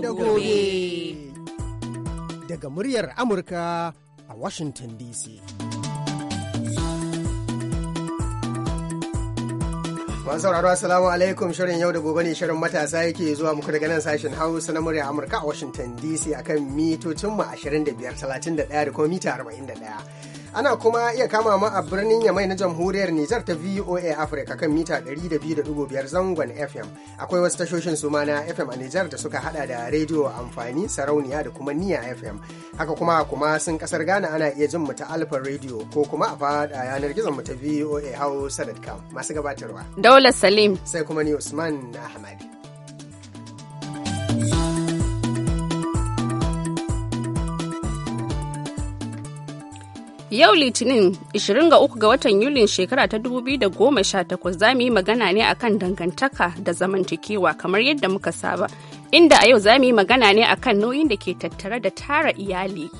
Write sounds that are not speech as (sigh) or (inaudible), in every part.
da gobe. Daga muryar Amurka a Washington DC. Masu sauraro Assalamu alaikum shirin yau da gobe ne shirin matasa yake zuwa muku daga nan sashen Hausa na murya Amurka a Washington DC akan mitocinmu 25, 31 da kuma mita 41. Ana kuma iya kama mu a birnin Yamai na Jamhuriyar Nijar ta VOA Africa kan mita 200.5 zangon FM. Akwai wasu tashoshin su ma na FM a Nijar da suka hada da rediyo amfani, sarauniya da kuma niya FM. Haka kuma kuma sun kasar Ghana ana iya jin mu ta Alfa rediyo ko kuma a fada yanar gizon mu ta VOA Hausa.com masu gabatarwa. Daula Salim. Sai kuma ni Usman Ahmad. Yau Litinin 23 ga watan Yulin shekara ta 2018 za mu yi magana ne akan dangantaka da zamantakewa kamar yadda muka saba, inda a yau za mu yi magana ne akan nauyin da ke tattare da tara iyali.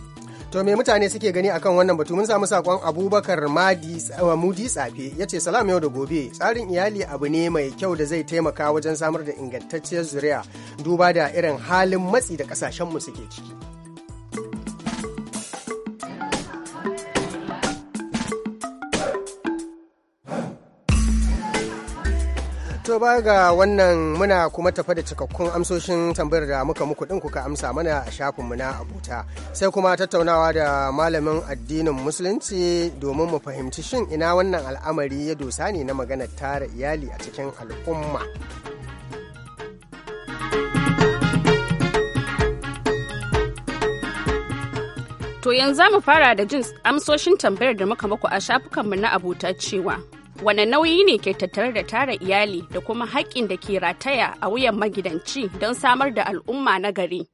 To me mutane suke gani akan wannan batu mun samu sakon Abubakar Madi eh, Mudi Tsafe ya ce salam yau da gobe tsarin iyali abu ne mai kyau da zai taimaka wajen samar da ingantacciyar zuriya duba da irin halin matsi da kasashen mu suke ciki. To ba ga wannan muna kuma tafa da cikakkun amsoshin tambayar da muka muku ɗin kuka amsa mana a shafinmu na abuta. Sai kuma tattaunawa da malamin addinin musulunci domin mu fahimci shin ina wannan al'amari ya dosa ne na maganar tara iyali a cikin al'umma. To yanzu za mu fara da jin amsoshin tambayar da muka muku a shafukanmu na abuta cewa. wane nauyi ne ke tattare da tara iyali da kuma haƙƙin da ke rataya a wuyan magidanci don samar da al'umma na gari.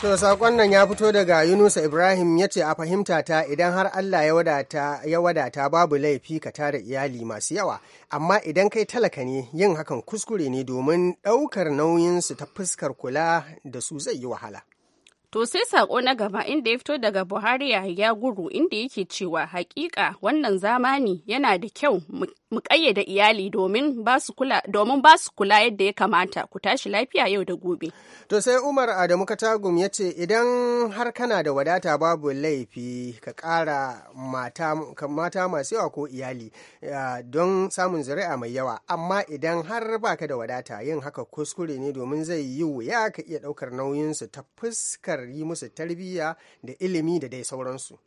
To saƙon nan ya fito daga Yunusa Ibrahim ya ce a fahimta ta idan har Allah ya wadata ya wadata babu laifi ka tara iyali masu yawa amma idan kai talaka ne yin hakan kuskure ne domin ɗaukar nauyinsu ta fuskar kula da su zai yi wahala. To sai sako na gaba inda ya fito daga Buhari ya guru inda yake cewa hakika wannan zamani yana da kyau mu kayyade iyali domin ba su kula yadda ya kamata ku tashi lafiya yau da gobe. To sai Umar Adamu Katagum ya ce idan har kana da wadata babu laifi ka kara mata, mata masu yawa ko iyali don samun zuri'a mai yawa amma idan har baka da wadata yin haka kuskure ne domin zai yi wuya ka iya ɗaukar su ta fuskar yi musu tarbiyya da ilimi da dai sauransu.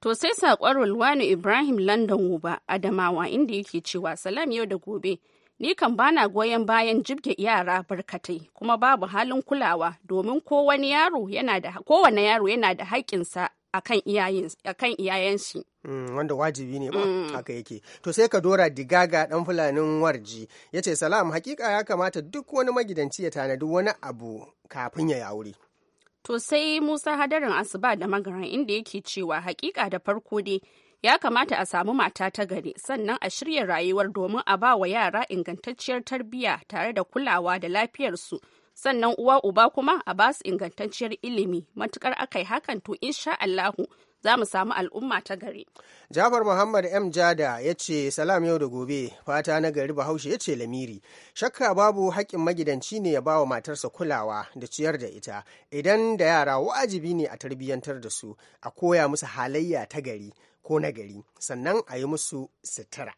To sai saƙon Rulwani Ibrahim London Uba Adamawa inda yake cewa salam yau da gobe. Ni kan bana goyon bayan jibge yara barkatai kuma babu halin kulawa domin kowane yaro yana da kowane yaro yana da haƙƙinsa akan iyayen shi. Mm, wanda wajibi ne ba mm. haka yake to sai ka dora digaga dan fulanin warji ya ce salam hakika ya kamata duk wani magidanci ya tanadi wani abu kafin ya yi aure To sai Musa hadarin asuba da magaran inda yake cewa hakika da farko dai ya kamata a samu mata ta gari sannan a shirya rayuwar domin a ba wa yara ingantacciyar tarbiyya tare da kulawa da lafiyarsu sannan uwa uba kuma a ba su ingantacciyar ilimi matukar yi hakan to insha Allahu za mu samu al'umma ta gari. Jafar Muhammad M. Jada ya ce salam yau da gobe fata na gari Bahaushe ya ce lamiri. Shakka babu haƙƙin magidanci ne ya ba wa matarsa kulawa da ciyar da ita idan da yara wajibi ne a tarbiyyantar da su a koya musu halayya ta gari ko na gari sannan a yi musu sutura.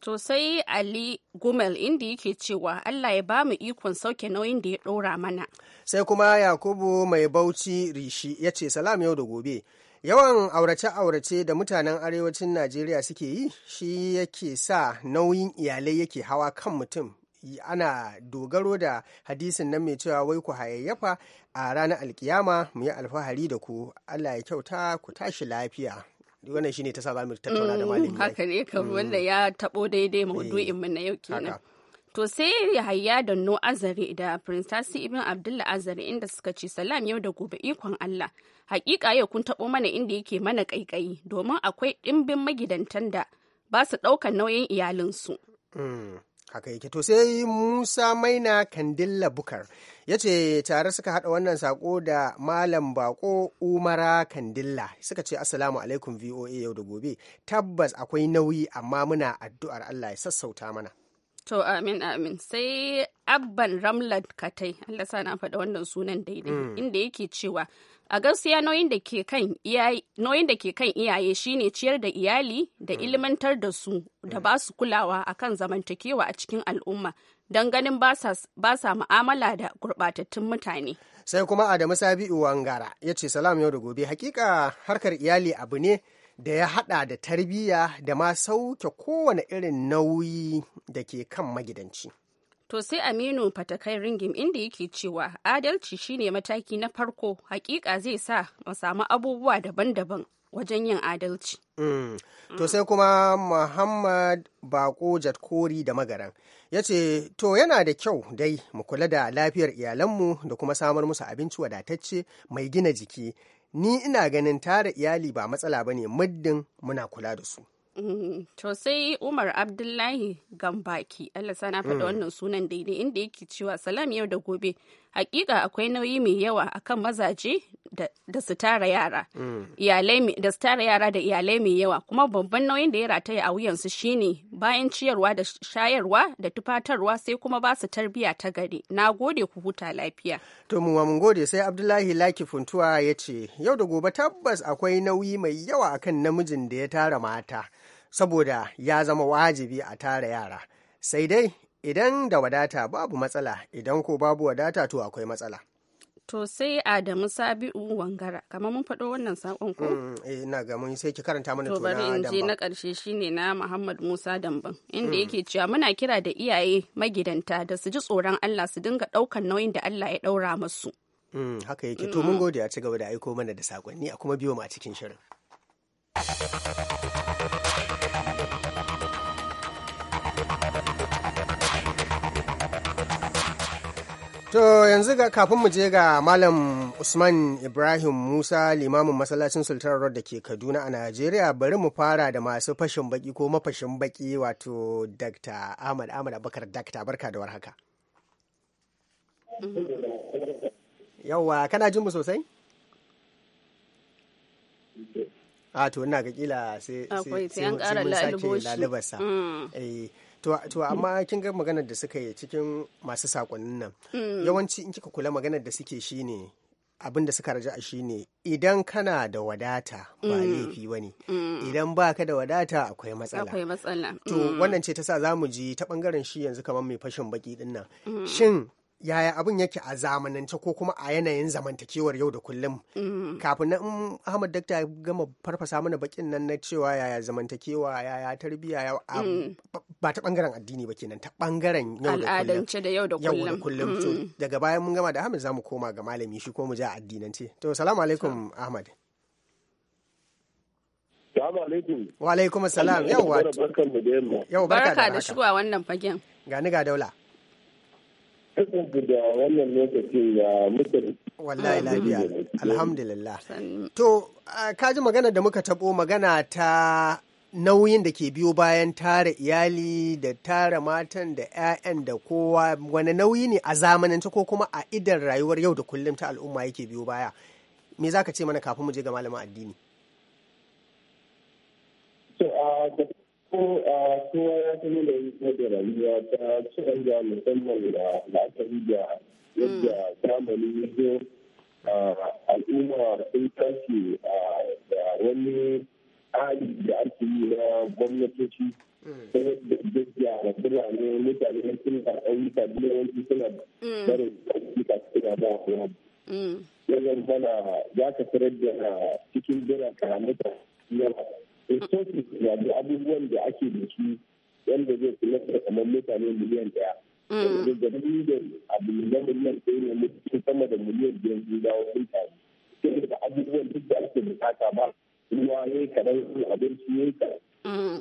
To sai Ali Gumel inda yake cewa Allah ya ba mu ikon sauke nauyin da ya ɗora mana. Sai kuma Yakubu mai bauchi rishi ya ce salam yau da gobe. yawan aurace-aurace da mutanen arewacin najeriya suke yi shi yake sa nauyin iyalai yake hawa kan mutum ana dogaro da hadisin nan mai cewa wai ku hayayyafa a ranar alkiyama mu yi alfahari da ku allah ya kyauta ku tashi lafiya wannan shine ta sa za mu tattauna da mm, malami haka ne wanda mm. ya taɓo daidai maudu'in mu na yau eh, kenan To sai da no Azare da Prince Tasi Ibn Abdullah Azare inda suka ce salam yau da gobe ikon Allah. Hakika yau kun taɓo mana inda yake mana ƙaiƙayi domin akwai ɗimbin magidantan da ba su ɗaukan nauyin iyalinsu. Hmm, haka yake to sai musa maina kandilla bukar ya ce tare suka haɗa wannan sako da malam bako umara kandilla suka ce asalamu alaikum voa yau da gobe tabbas akwai nauyi amma muna addu'ar allah ya sassauta mana To amin amin sai abban ramlan katai Allah sa na faɗa wannan sunan daidai mm. inda yake cewa a gaskiya nauyin da ke kan iyaye shine ciyar da iyali da mm. ilmantar da su da mm. ba su kulawa akan zamantakewa a cikin al'umma don ganin ba sa mu'amala da gurɓatattun mutane. Sai kuma Adamu Sabi'u Wangara ya ce salam yau da gobe hakika harkar iyali abu ne da ya haɗa da tarbiyya da ma sauke kowane irin nauyi da ke kan magidanci. To sai Aminu Fatakai Ringim inda yake cewa adalci shine mataki na farko hakika zai sa mu samu abubuwa daban-daban wajen yin adalci. Mm. To sai kuma Muhammad Bako Jatkori da Magaran ya ce, To yana da kyau dai mu kula da lafiyar iyalanmu da kuma samar musu abinci wadatacce mai gina jiki ni ina ganin tara iyali ba matsala ba ne muddin muna kula da su mm-hmm. to sai umar abdullahi gambaki allah sana faɗa mm. wannan sunan daidai inda yake cewa salam yau da gobe hakika akwai nauyi mai yawa akan mazaje da su tara yara mm. da su tara yara da iyalai mai yawa kuma babban nauyin da ya rataya a wuyansu shine bayan ciyarwa da shayarwa da tufatarwa sai kuma ba su tarbiya ta gari na gode ku huta lafiya to mu mun gode sai abdullahi laki funtuwa ya ce yau da gobe tabbas akwai nauyi mai yawa akan namijin da ya tara mata saboda ya zama wajibi a tara yara sai dai idan da wadata babu matsala idan ko babu wadata to akwai matsala to sai Adamu Sabi'u Wangara kamar mun faɗo wannan saƙon ko mm, eh ina ga mun sai ki karanta mana to bari in je na ƙarshe shine na Muhammad Musa Damban inda mm. yake cewa muna kira da iyaye magidanta da su ji tsoron Allah su dinga ɗaukan nauyin da Allah ya ɗaura musu mm, haka yake to mun gode a ci gaba da aiko mana da sakonni a kuma biyo ma a cikin shirin To yanzu ga kafin mu je ga Malam Usman Ibrahim Musa limamin masallacin Sultan Road da ke Kaduna a Najeriya bari mu fara da masu fashin baki ko mafashin baki wato Dr. Ahmad Ahmad Abubakar Dr. barka da warhaka. Yawwa kana jin mu sosai? A to ina ga kila sai sai mun sake lalubarsa. Mm. Eh, to amma kin ga maganar da suka yi cikin masu sakonnin nan mm. yawanci in kika kula maganar da suke shi ne abin da suka a shi ne idan kana da wadata ba mm. laifi ba ne mm. idan ba ka da wadata akwai matsala akwai to wannan ce ta sa za mu ji ta ɓangaren shi yanzu kamar mai fashin baki ɗin nan shin yaya abin yake a zamanance ko kuma a yanayin zamantakewar yau da kullum mm-hmm. kafin na ahmad dakta ya gama farfasa mana bakin nan na cewa yaya zamantakewa yaya tarbiyya mm. ba ta bangaren addini ba kenan ta bangaren yau da kullum mm-hmm. daga bayan mun gama da ahmad zamu koma ga malami shi ko mu ja addinance to assalamu alaikum ahmad alaikum. Wa alaikum salam. Yau barka da shigowa wannan fagen. Gani ga daula. Ah, to ka ji magana da muka taɓo magana ta nauyin da ke biyo bayan tara iyali da tara matan da 'ya'yan da kowa wani nauyi ne a ta ko kuma a idan rayuwar yau da kullum ta al'umma yake biyo baya me za ka ce mana kafin mu je ga malamin addini ko a kowa ya san yanayin da rayuwa ta canza musamman da la'akari da yadda zamani ya zo al'umma sun tashi da wani tsari da ake yi na gwamnatoci mm. da yadda da birane mutane sun da ƙauyuka biyawanci suna mm. barin ƙauyuka suna ba wa yanzu mm. bana za ka tarar da cikin birane mutane yawa resources eh, da abubuwan da ake da su wanda zai kula da kamar mutane miliyan daya da gani da abu na miliyan ɗaya ne mutum sama da miliyan biyar biyu dawo sun taru sai da abubuwan duk da ake bukata ba ruwa ya yi su abinci ya yi kaɗan mm.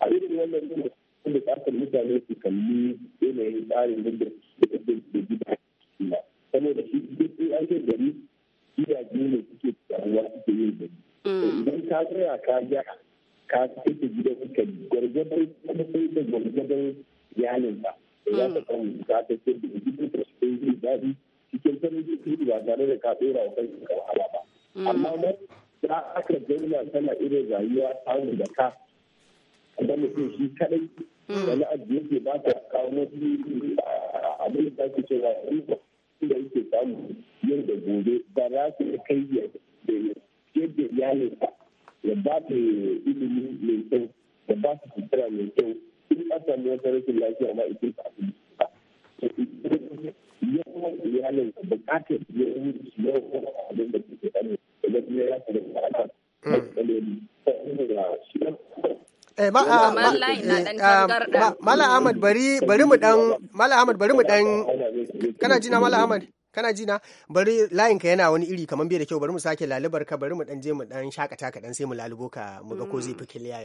a irin wannan ne sun bukatar mutane su kalli yanayin tsarin yadda suke da gida saboda shi duk an yi gari gidaje ne suke karuwa suke yin gari ta tsaya ka ga ka fita gidan ka gwargwadon kuma sai da gwargwadon iyalinka ya ta kan ta ta ce da gidan ta cikin zafi daɗi cikin sanin su ba tare da ka tsora wa kanka wahala ba amma ma za aka zauna tana irin rayuwa samun da ka da mutum shi kadai wani abu yake ba ta kawo wasu abin da ake cewa da yake samu yau da gobe ba za su kai yadda ba ya ba ta ilimi mai kyau ya ba ta sutura mai kyau in ka samu wata rashin lafiya ma ikin ta abin ya kuma iyalin bukatar ya yi su yau kuma abin da da ya da Eh, ma, ah, ah, ma, Mala Ahmad bari bari mu dan Mala Ahmad bari mu dan kana jina Mala Ahmad kana ji na bari layin ka yana wani iri kamar bai da kyau bari mu sake lalubar ka bari mu dan je mu dan shakata ka dan sai mu lalubo ka mu ga ko zai fi kiliya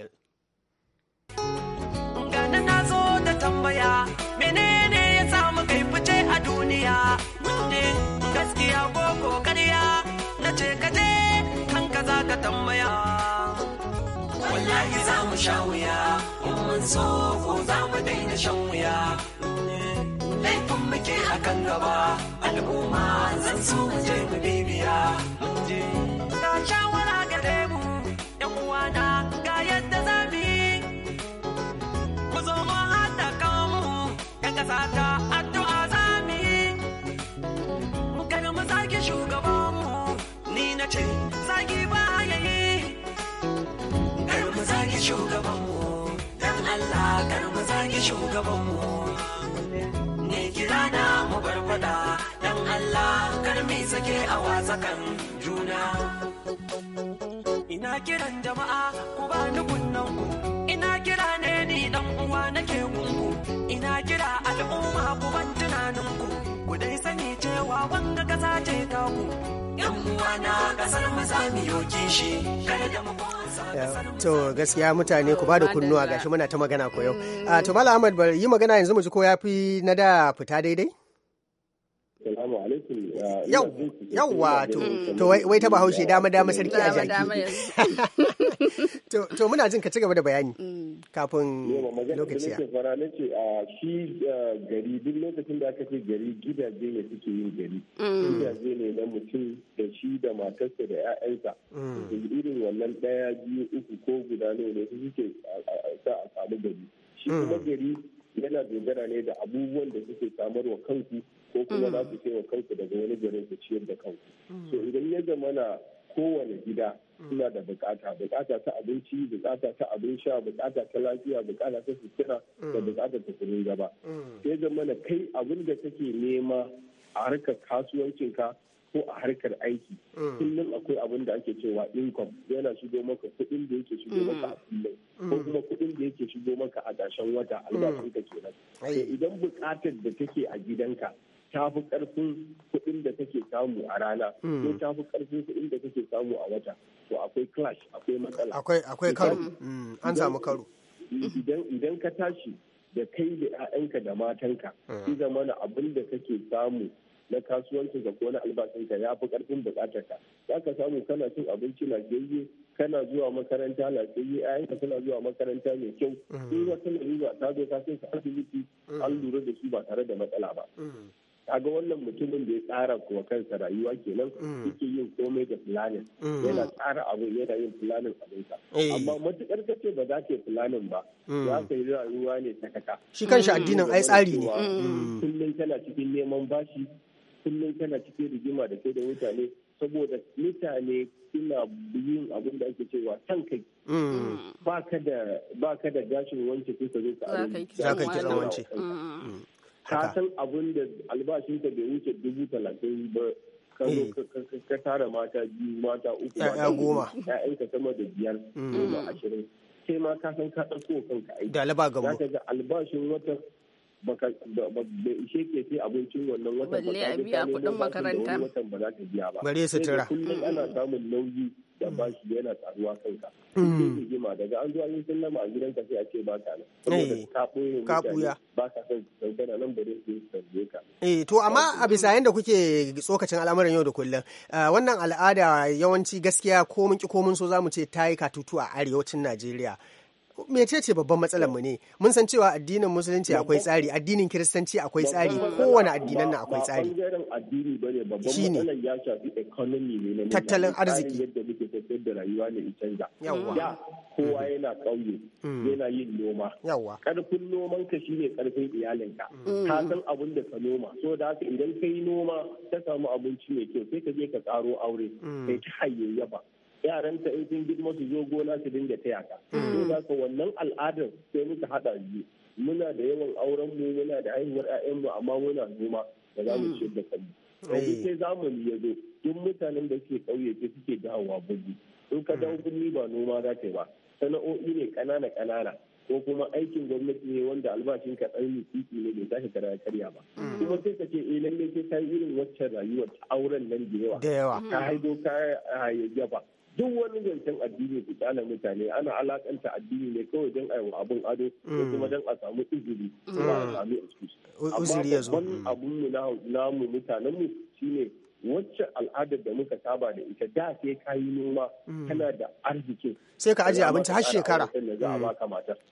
Gani na zo da tambaya menene ya samu kai fice a duniya gaskiya ko kokariya na ce ka je kanka za ka tambaya wallahi za mu sha wuya mun so ko za mu daina shan wuya laifin muke akan gaba al'umma zan so mu je mu bibiya mun na shawara gare mu yan uwana ga yadda za mu yi ku zo mu haɗa kanmu yan ƙasa ta addu'a za mu yi mu kada mu zagi mu ni na ce zagi ba ya yi kar mu zagi mu dan Allah kar mu zagi shugabanmu gana mu bar dan Allah kar mi sake a wasakan juna ina kiran jama'a ku ba ni rana kasar to gaskiya mutane ku ba da kunnuwa gashi muna ta magana ko yau mm. ah, to malam Ahmad bari yi magana yanzu mu ji ko ya fi na da fita daidai Yau wato, to wai taba haushe dama dama sarki a jaki. (laughs) To muna jin ka ci gaba da bayani mm. kafin lokaci ya. fara ce a shi gari duk lokacin da aka ce gari gidaje ne suke yin gari. Mm. Gidaje ne na mutum da shi da matarsa da 'ya'yansa. Mm. Irin wannan ɗaya biyu uku ko guda ne su suke sa a samu gari. Shi kuma gari yana dogara ne da abubuwan da suke samarwa kanku ko kuma mm. za su wa kanku daga wani gare ciyar da kanku mm. so idan ya zama na kowane gida mm. suna da bukata bukata ta abinci bukata ta abin sha bukata ta lafiya bukata ta sutura da bukata ta kudin gaba ya zama na kai abin da kake nema a harkar kasuwancinka ko a harkar aiki kullum akwai abin da ake cewa income yana shigo maka kuɗin da yake shigo maka a kullum ko kuma kuɗin da yake shigo maka a gashen wata albarkanka kenan idan bukatar da take a gidanka ta fi karfin kuɗin da take samu a rana hmm. ko ta fi karfin kuɗin da take samu a wata to akwai clash akwai matsala akwai karo hmm, an samu karo idan ka tashi da kai da 'ya'yanka da matanka hmm. shi na abin da kake samu na kasuwanci ko na albashinka ya fi karfin bukatarka za ka samu kana cin abinci na jirgi kana zuwa makaranta na lafiyayye ayanka suna zuwa makaranta mai kyau in wata lalura ta zo ka sai ka asibiti an lura da su ba tare da matsala ba kaga wannan mutumin da ya tsara kuwa kansa rayuwa kenan mm. yake yin komai da planning mm. yana tsara abu yana yin planning abinsa eh. amma matukar kace ba za ka yi planning ba mm. za ka yi rayuwa ne ta kaka shi kanshi addinin ai tsari ne kullum kana cikin neman bashi kullum kana cikin rigima da kai da mutane saboda mutane suna yin abin da ake cewa san kai ba ka da gashin wance kusa zo ka za ka yi kira wance ka san abin da albashinka bai wuce dubu talatin ba ka eh. tara mata biyu mata uku mata goma sama da biyar mm. goma ashirin sai ma ka san ka ɗauko kanka aiki da alba gabo ga albashin wata bai ishe ke sai abincin wannan watan ba biya makaranta ba za ka biya ba bare sutura kullum ana samun nauyi da mm. shi yana taruwa kanka mm. sai rigima daga an zuwa yin sallama a gidanka sai a ce ba ka nan saboda eh, ka buya. ba ka san san da nan bare su sanje ka eh to amma a bisa yanda kuke tsokacin al'amuran yau da kullum eh, wannan al'ada yawanci gaskiya ko mun ki ko mun so zamu ce ta yi katutu a arewacin Najeriya ce babban matsalar mu ne mun san cewa addinin musulunci akwai tsari addinin kiristanci akwai tsari kowane addinan na akwai tsari shine tattalin arziki yadda muke da rayuwa yawwa kowa mm. yana ƙauye mm. yana yin noma yawwa karfin noman ka shine karfin iyalinka mm. ka san abin da ka noma so da haka idan kai noma ka samu abinci mai kyau sai ka je ka karo aure kai ta hayyayya ba yaranta in sun girma su zo gona su dinga taya ka mm. to za ka wannan al'adar sai muka haɗa biyu muna da yawan auren mu muna da haihuwar mu amma muna noma da za mu mm. ciyar da kanmu yanzu sai zamani ya zo duk mutanen da suke ƙauye suke dawowa birni in ka dawo mm. birni ba noma za ka yi ba sana'o'i ne ƙanana kanana. ko kuma aikin gwamnati ne wanda albashin ka ɗan titi ne bai zaka kara karya ba kuma sai ka ce eh lalle sai ka irin waccan rayuwar ta auren nan da yawa da yawa ka haido ka hayayyafa duk wani zancen addini su tsala mutane ana alakanta addini ne kawai don aiwa abin ado ko mm. kuma don a samu izini ko mm. a samu excuse amma babban mm. abun mu mutanen mu shine wacce al'adar da muka saba da ita da sai kayi noma kana da arzikin sai ka ajiye abinci har shekara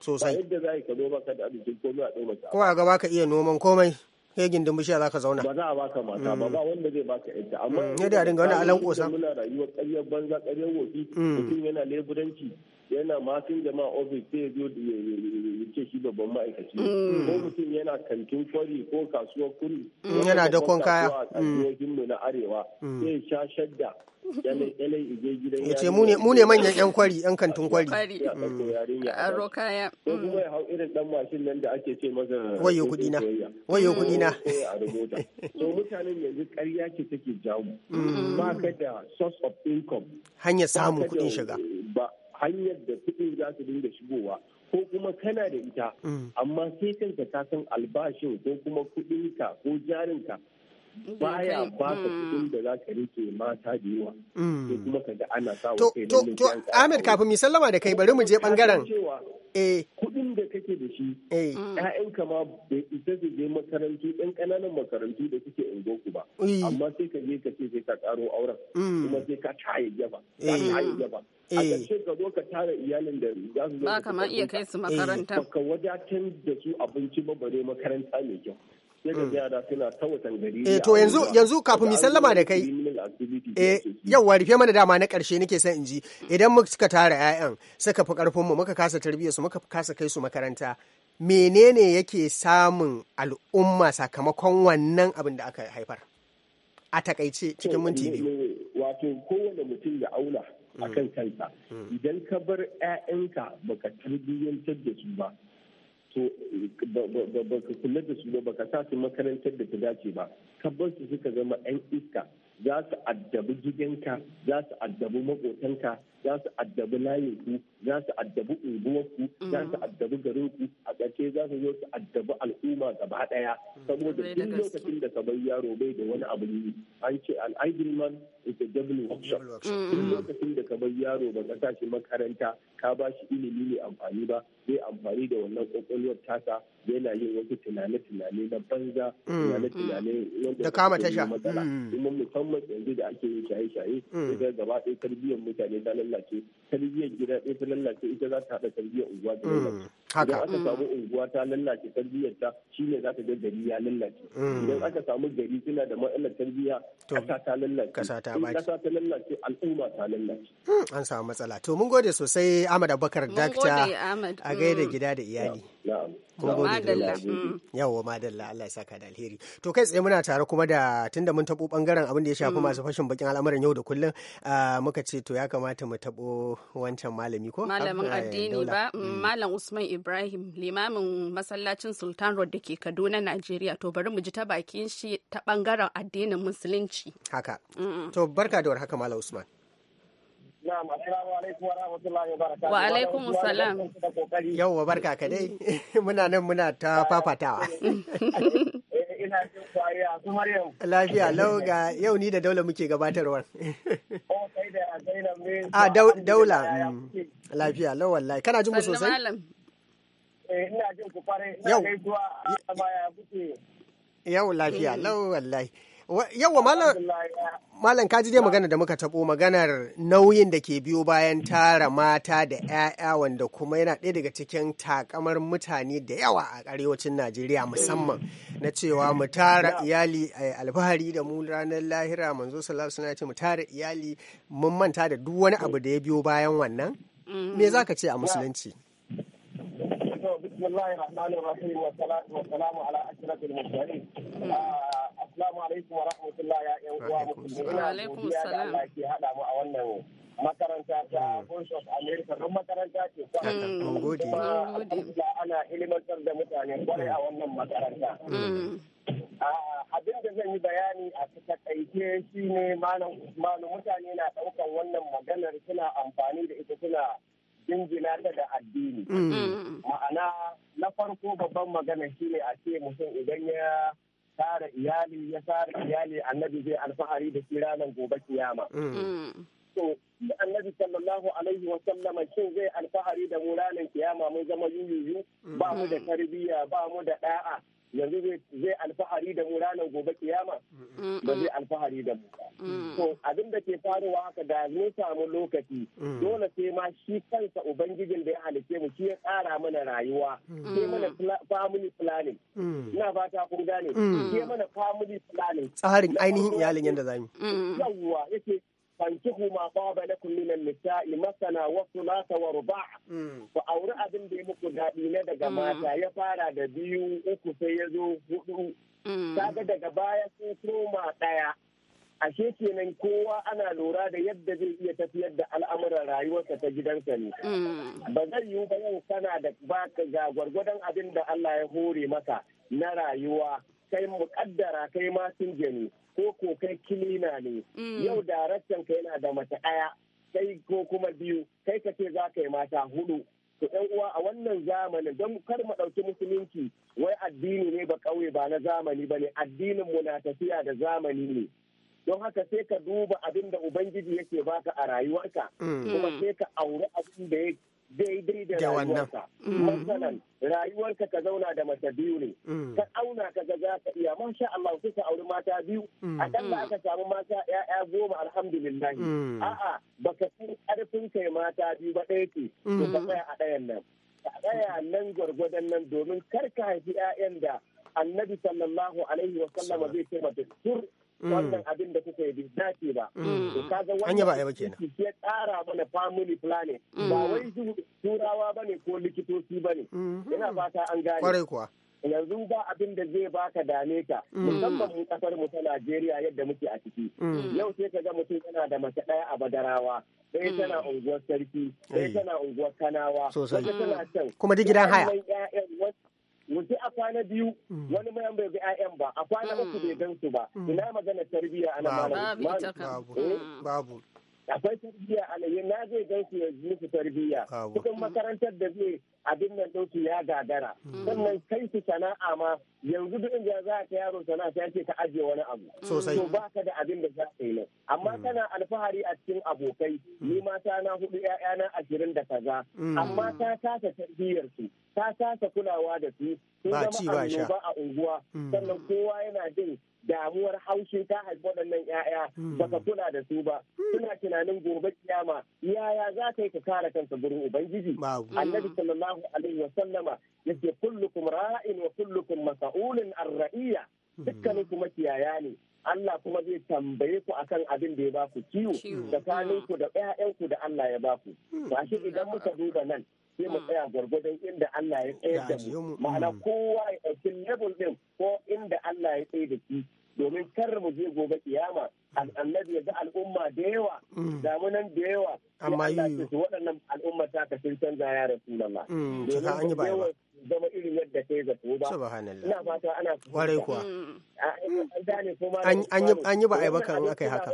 sosai yadda za ka noma ka da arzikin komai a ɗaumata ko a gaba ka iya noman komai kai gindin bishiya zaka zauna ba za a baka mata ba mm. ba wanda zai baka yadda. amma ne mm, da dinga wani alan kosa muna rayuwar ƙaryar banza ƙaryar wofi mm. mutum yana leburanci yana matan jama'a ofis sai ya zo ya ce shi babban ma'aikaci mm. ko mutum yana kantin kwari ko kasuwar kuri mm, yana da kon kaya a mm. kasuwar na arewa sai sha shadda ije ya ce mu ne manyan yan kwari yan kantin kwari aro kaya ko kuma ya hau irin dan mashin nan da ake ce masa wayo kudi na wayo kudi na so mutanen yanzu ƙarya ce take jawo ba ka da source of income hanyar samun kudin shiga hanyar da kuɗin za su dinga shigowa ko kuma kana da ita mm. amma sai kanka ka san albashin ko kuma kuɗinka ko jarinka baya ka mm. kuɗin da za ka rike mata da yawa ko mm. kuma ka ga ana sa wa kai to to Ahmed kafin mi sallama da kai bari mu je bangaren eh kudin da kake da shi eh. mm. ka ma bai isa su je makarantu ɗan ƙananan makarantu da suke goku ba eh. amma sai ka je ka ce sai ka karo auren kuma sai ka taye gaba ka eh. taye gaba a ƙarshe ka zo ka tara iyalin da za su zo ba kamar iya kai su makaranta ka wadatar da su abinci ba bare makaranta mai kyau Mm. eh to yanzu yanzu kafin mi sallama da kai eh yawa rufe mana dama na karshe nake son in ji idan muka suka tara ƴaƴan suka fi karfin mu muka kasa tarbiyyar su muka kasa kai su makaranta menene yake samun al'umma sakamakon wannan abin da aka haifar a takaice cikin minti biyu wato kowane mutum ya aula akan mm. kansa mm. idan ka bar 'ya'yanka baka tarbiyyantar da su ba to ba ka kula da su ba ba ka sa su makarantar da ta dace ba tabbas su suka zama 'yan iska za su addabi gidanka za su addabi makotanka za su addabi layinku za su addabi unguwarku za su mm-hmm. addabi garinku a ƙarshe za su zo su addabi al'umma gaba ɗaya mm-hmm. saboda duk lokacin da ka bai yaro bai da wani abu yi an ce al'idle man is a double workshop mm-hmm. duk lokacin da ka bai yaro ba ka tashi makaranta ka ba shi ilimi ne amfani ba zai amfani da wannan ƙwaƙwalwar tasa yana yin wasu tunane-tunane na banza mm. tunane-tunane mm. da kama tasha mm. kuma musamman yanzu da ake yin shaye-shaye da gaba ɗaya tarbiyyar mutane da lallace tarbiyyar gida ɗaya ta lallace ita za ta haɗa tarbiyyar unguwa ta mm, lallace idan aka mm. samu unguwa ta lallace tarbiyyar ta shine za ta ga gari ya lallace mm. idan aka samu gari suna da matsalar tarbiyya ƙasa ta lallace ƙasa ta baki ƙasa ta lallace al'umma ta lallace an samu matsala to mun gode sosai Ahmad Abubakar Dakta a gaida gida da iyali Mm. Yawwa madalla Allah ya saka da alheri. To kai tsaye muna tare kuma da tunda mun tabo ɓangaren abin da ya shafi mm. masu fashin bakin al'amuran yau da kullum ah, muka ce to ya kamata mu tabo wancan malami ko? Malamin eh, addini ba, mm. Malam Usman Ibrahim limamin masallacin Sultan Road da ke Kaduna, Najeriya. To bari mu ji ta bakin shi ta bangaren addinin Musulunci. Haka. To barka da war haka Malam Usman. Na'am, assalamu alaikum wa rahmatullahi wa barakatuh. Wa alaikum assalam. Yawwa barka ka dai. (laughs) Muna nan muna ta fafatawa. (laughs) Eh, ina jin kwariya su Maryam. Lafiya lau ga yau ni da Daula muke gabatarwar. (laughs) Oh, kai da Zainab ne. Ah, Daula. Mm. Lafiya lau wallahi. Kana jin mu sosai? Eh, ina jin ku kware. Ina gaisuwa a baya kuke. Yau lafiya lau wallahi. Yawwa malam kaji dai magana da muka tabo maganar nauyin da ke biyo bayan tara mata da 'ya'ya wanda kuma yana ɗaya daga cikin takamar mutane da yawa a arewacin Najeriya musamman na cewa mu tara iyali alfahari da mu ranar lahira manzo sallallahu alaihi ce mu tara iyali mun manta da duk wani abu da ya biyo bayan wannan mm-hmm. me zaka ce a musulunci بسم الله الرحمن الرحيم والصلاة والسلام على أشرف المرسلين Assalamu alaikum wa rahmatullahi ya ƴan uwa musulmi. Ina godiya da Allah ke haɗa mu a wannan makaranta ta hmm. Voice of America don makaranta ce ta hmm. kuma ana ilimantar da mutane kwarai a hmm. wannan makaranta. Abin da zan yi bayani a takaice shi ne malu mutane na ɗaukan wannan maganar suna amfani da ita suna jingina ta da addini. Ma'ana na farko babban magana shi ne a ce mutum idan ya tara iyali ya tara iyali annabi zai alfahari da shi ranar gobe kiyama. Mm. Mm. To annabi sallallahu alaihi wa sallama shin zai alfahari da mu ranar kiyama mun zama yuyuyu mm. ba mu da tarbiyya ba mu da ɗa'a. yanzu zai alfahari da mu ranar gobe kiyama ba zai alfahari da mu to abin da ke faruwa haka da mun samu lokaci mm. dole sai ma shi kansa ubangijin da ya halice mu shi ya tsara mana rayuwa mm. sai mana family planning mm. ina fata kun gane sai mana family planning tsarin ainihin iyalin yadda zamu yawwa yace fankihu ma qaba lakum min an-nisa'i masana wa thulatha wa ruba' ku auri abin da ya muku daɗi na daga mata ya fara da biyu uku sai ya zo hudu kaga daga baya sun koma ɗaya ashe kenan kowa ana lura da yadda zai iya tafiyar da al'amuran rayuwarsa ta gidansa ne ba zai yiwu ba yau kana da baka ga gwargwadon abin da Allah ya hore maka na rayuwa kai muƙaddara kai ma sun ne ko kokai kilina ne mm. yau daraktan ka yana da mata ɗaya sai ko kuma biyu kai ka ce za ka yi mata hudu to ɗan uwa a wannan zamanin don kar mu ɗauki musulunci wai addini ne ba ƙauye ba na zamani ba ne addinin mu na tafiya da zamani ne don haka sai ka duba abin da ubangiji yake baka a rayuwarka mm. kuma sai ka aure abin da ya daidai da rayuwarka. Mm. Matsalan rayuwarka ka zauna da mata biyu ne. Mm. Ka auna ka ga za ka iya masha Allah sai ka auri mata biyu. Mm. a da aka samu mata ‘ya'ya goma alhamdulillah. A'a ka fi ƙarfin kai mata biyu ba ɗaya ce. To ka tsaya a ɗayan nan. Ka tsaya nan gwargwadon nan domin kar ka haifi ‘ya'yan da annabi sallallahu alaihi wa sallama zai ce mata tur Mm. wannan abin da kuka yi dace ba mm. to ga wannan ba ba ke tsara mana family planning mm. ba wai turawa bane ko likitoci bane ina fata an gane kwarai kuwa yanzu ba abin da zai baka dame ka musamman mu kasar mu ta Najeriya yadda muke a ciki yau sai ka ga mutum yana da mace ɗaya a badarawa sai tana unguwar sarki sai eh. tana unguwar kanawa sosai kuma duk gidan haya wuce a kwana biyu mm. wani mayan bai ga 'ya'yan ba a kwana mm. uku bai gan su ba mm. ina magana tarbiyya a na malam eh? babu akwai tarbiyya a laye na zai gan su ya musu tarbiyya cikin makarantar da zai abin nan ɗauki ya gagara sannan kai su sana'a ma yanzu duk inda za ka yaro sana'a sai ce ka ajiye wani abu sosai to ba ka da abin da za ka yi nan amma kana alfahari a cikin abokai ni mata na hudu ya'yana ashirin da kaza amma ta kasa tarbiyyar su ta kasa kulawa da su sun zama annoba a unguwa hmm. sannan kowa yana jin damuwar haushi ta haifi waɗannan 'ya'ya ba hmm. baka kula da su ba hmm. suna tunanin gobe kiyama yaya za ka yi ka kare kansa gurin ubangiji annabi sallallahu alaihi wa sallama yake kullukum ra'in wa kullukum mas'ulun ar dukkanin kuma kiyaya ne Allah kuma zai tambaye ku akan abin da ya ba ku kiwo tsakanin ku da ƴaƴan ku da Allah ya ba ku hmm. ba shi idan muka duba nan sai mu hmm. tsaya gwargwadon inda Allah ya tsayar da mu hmm. ma'ana kowa ya ɗauki level ɗin ko inda Allah ya tsaye da shi domin kar mu je gobe kiyama annabi ya ga al'umma da yawa mm. nan da yawa amma yi su waɗannan al'umma ta ka sun canza ya rasulullah mm, domin an yi ba zama irin yadda kai zato ba subhanallah ina fata ana ware kuwa mm. an yi ba yi baka in yi haka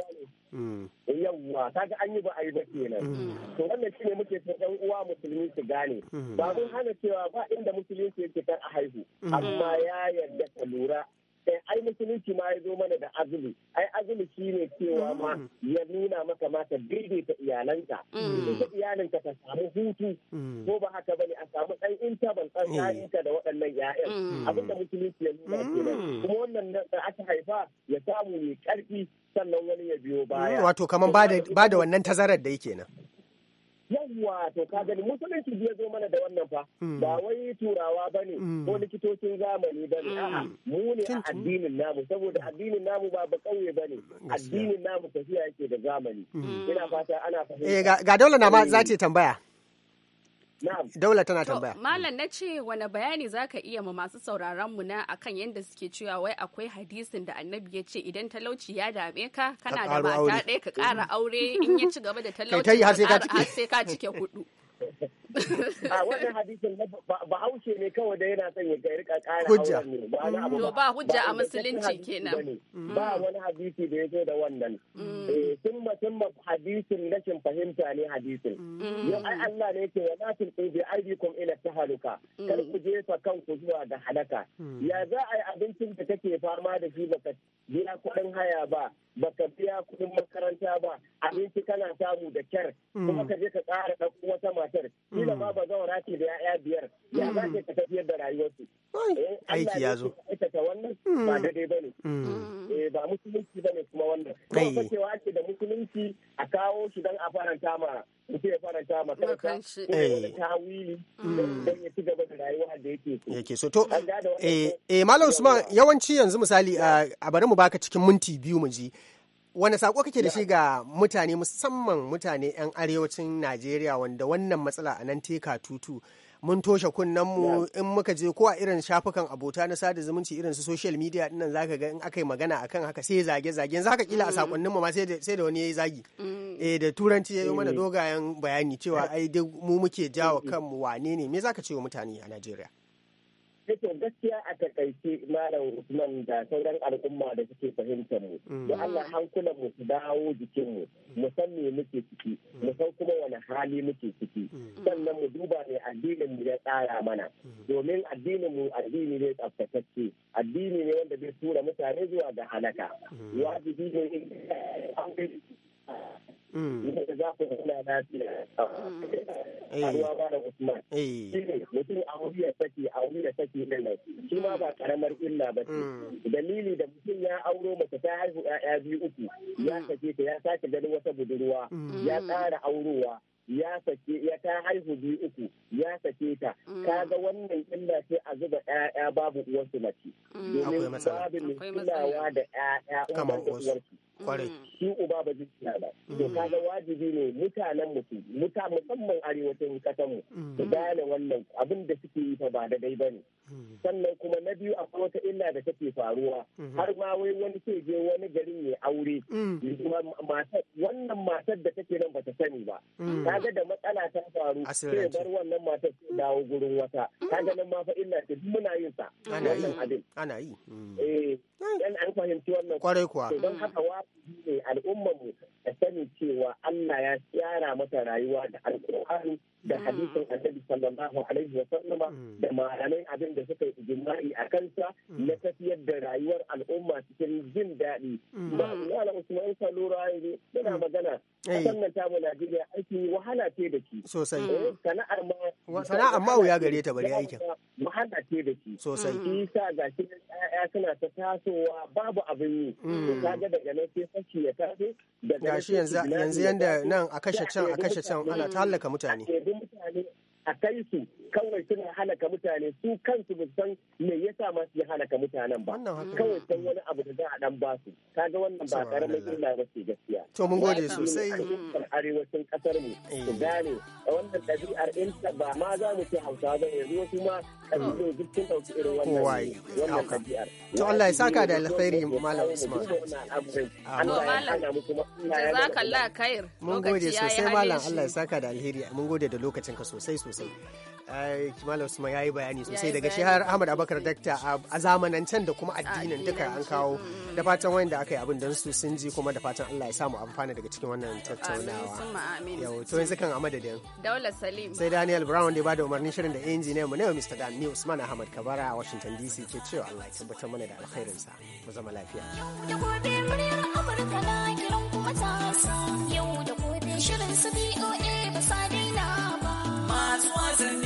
yawwa ga an yi ba a yi ba kenan to wannan shine muke son yan uwa musulmi su gane ba mun hana cewa ba inda musulmi yake kan a haihu amma ya yarda ka lura Eh, ai musulunci ma ya zo mana da azumi ai azumi shi ne cewa ma mm. ya nuna maka ma ta daidaita iyalanka mm. ita iyalinka ta samu hutu mm. ko ba haka bane a samu dan intabal dan yayanka da waɗannan yayan abinda musulunci ya nuna kenan kuma wannan da aka haifa ya samu mai karfi sannan wani ya biyo baya wato kaman ba da wannan tazarar da yake nan yawwa to ka gani musulunci ya zo mana da wannan fa mm. ba wai turawa ba ne mm. ko likitocin zamani ba ne a'a mm. mu ne a addinin namu saboda addinin namu ba ba kauye ba ne addinin namu tafiya yake da zamani ina fata ana fahimta eh, ga dole na ma za tambaya Daula tana tambaya. Malam na ce wani bayani za ka iya ma masu sauraron mu na akan yadda suke cewa wai akwai hadisin da annabi ya ce idan talauci ya dame ka kana da mata ɗaya ka ƙara aure in ya ci gaba da talauci har sai ka cike hudu. (laughs) a wannan hadisin ba haushe ne kawai da yana son ya rika kara hujja ba hujja a musulunci kenan ba mm. wani hadisi da ya zo da wannan mm. eh, sun ma sun ma hadisin rashin fahimta ne hadisin mm. yau ai Allah ne yake wa nasin bi aidikum ila tahaluka kar ku jefa ku zuwa ga halaka ya za a yi abincin da kake fama da shi baka biya kuɗin haya ba baka biya kuɗin makaranta ba abinci kana samu da kyar mm. kuma ka je ka ƙara ɗauko wata matar mm. kila ma ba zaura ce da ya'ya biyar ya mm. za ka tafiyar da rayuwarsu eh, aiki ya zo aikata wannan ba daidai ba ne eh, ba musulunci ba ne kuma wannan kuma fashewa ake da musulunci a kawo shi don a faranta ma mutum ya faranta ma eh. mm. eh, eh, malam Usman yawanci yanzu misali ah, a bari mu baka cikin minti biyu mu ji wani sako kake da shi ga mutane musamman mutane 'yan arewacin najeriya wanda wannan matsala a nan teka tutu mun toshe mu in muka je ko a irin shafukan abota na sada zumunci irin su social media dinnan zaka ga in aka yi magana akan haka sai zage zage zaka kila a mm. sakonnin mu ma sai da sai da wani yayi zagi mm. eh da turanci yayi mana mm. dogayen bayani cewa ai duk mu muke jawo kanmu wane ne me zaka ce wa mutane a Najeriya nake gaskiya a takaice malam usman da sauran al'umma da suke fahimtar mu mm. da allah hankulan mu su dawo jikin mu mm. mu san me muke ciki mm. mu san kuma wani hali muke ciki sannan mu duba ne addinin mu ya tsara mana domin addinin mu addini ne tsaftatacce addini ne wanda bai tura mutane zuwa ga halaka wajibi ne Mm. za ku kula lafiya a mm. eh. ba da usman eh. mutum a wuri ya saki a wuri ya saki din nan shi ma ba karamar illa ba ce mm. dalili da mutum ya auro mace ta haihu ya'ya biyu uku ya sake ta ya sake ganin wata budurwa ya ƙara aurowa ya sake ya ta haihu biyu uku ya sake ta ga wannan illa ce a zuba ƴaƴa babu uwarsu mace domin babu mai kulawa da ƴaƴa uwar da uwarsu Mm. shi uba ba na ba mm. to kaga wajibi ne mutanen mu muta musamman arewacin kasar mu mm. su gane wannan abin da suke yi fa ba da dai bane sannan kuma na biyu akwai wata illa da take faruwa mm-hmm. har ma wai wani ke je wani garin ya aure wannan matar da take nan bata sani ba kaga da matsala ta faru sai bar wannan matar ta dawo gurin wata kaga nan ma fa illa ce duk muna yin sa ana yi ana yi eh an fahimci wannan kwarai kuwa don haka shine al'ummar mu ya sani cewa Allah ya tsara mata rayuwa da alƙur'ani da hadisin mm. annabi sallallahu alaihi wa sallam mm. da malamai abin da suka yi jima'i a kansa mm. na tafiyar da rayuwar al'umma cikin jin daɗi ba wala usman salura yanzu yana magana kasan eh. nan tamu Najeriya aiki wahala ce da shi sosai sana'ar ma sana'ar ma wuya gare ta bari aikin wahala ce da shi sosai eh, isa ga shi ya suna ta tasowa babu abin yi ga daga nan sai sashi ya tafi. daga shi yanzu yanzu yanda nan a kashe can a kashe can ana ta hallaka mutane mutane a kai su kawai suna halaka mutane su kansu ba san me yasa ma su halaka mutanen ba kawai san wani abu da za a dan ba su kaga wannan ba karamin illa ba ce gaskiya to mun gode sosai eh. a arewacin kasar mu su gane wannan dabi'ar inta ba ma za mu ce hausa ba ne wasu kuma kabilu duk sun dauki irin wannan wannan ɗabi'ar to Allah ya saka da alkhairi malam Usman mun gode sosai malam Allah ya saka da alheri mun gode da lokacin ka sosai sosai Kimal Usman ya yi bayani sosai daga shi har Ahmad Abubakar Dakta a zamanancen da kuma addinin duka an kawo mm, mm, mm. da fatan wanda aka yi abin don su sun ji kuma da fatan Allah ya samu amfana daga cikin wannan tattaunawa. Yau to yanzu kan a madadin. Daula Salim. Sai Daniel Brown da ya bada umarnin shirin da injiniyan mu ne Mr. Dan ni Usman Ahmad Kabara a Washington DC ke cewa Allah ya tabbatar mana da alkhairinsa. Mu zama lafiya. Yau da gobe muryar Amurka na kiran kuma ta yau da gobe shirin su BOA ba sa daina ba. Masu wasanni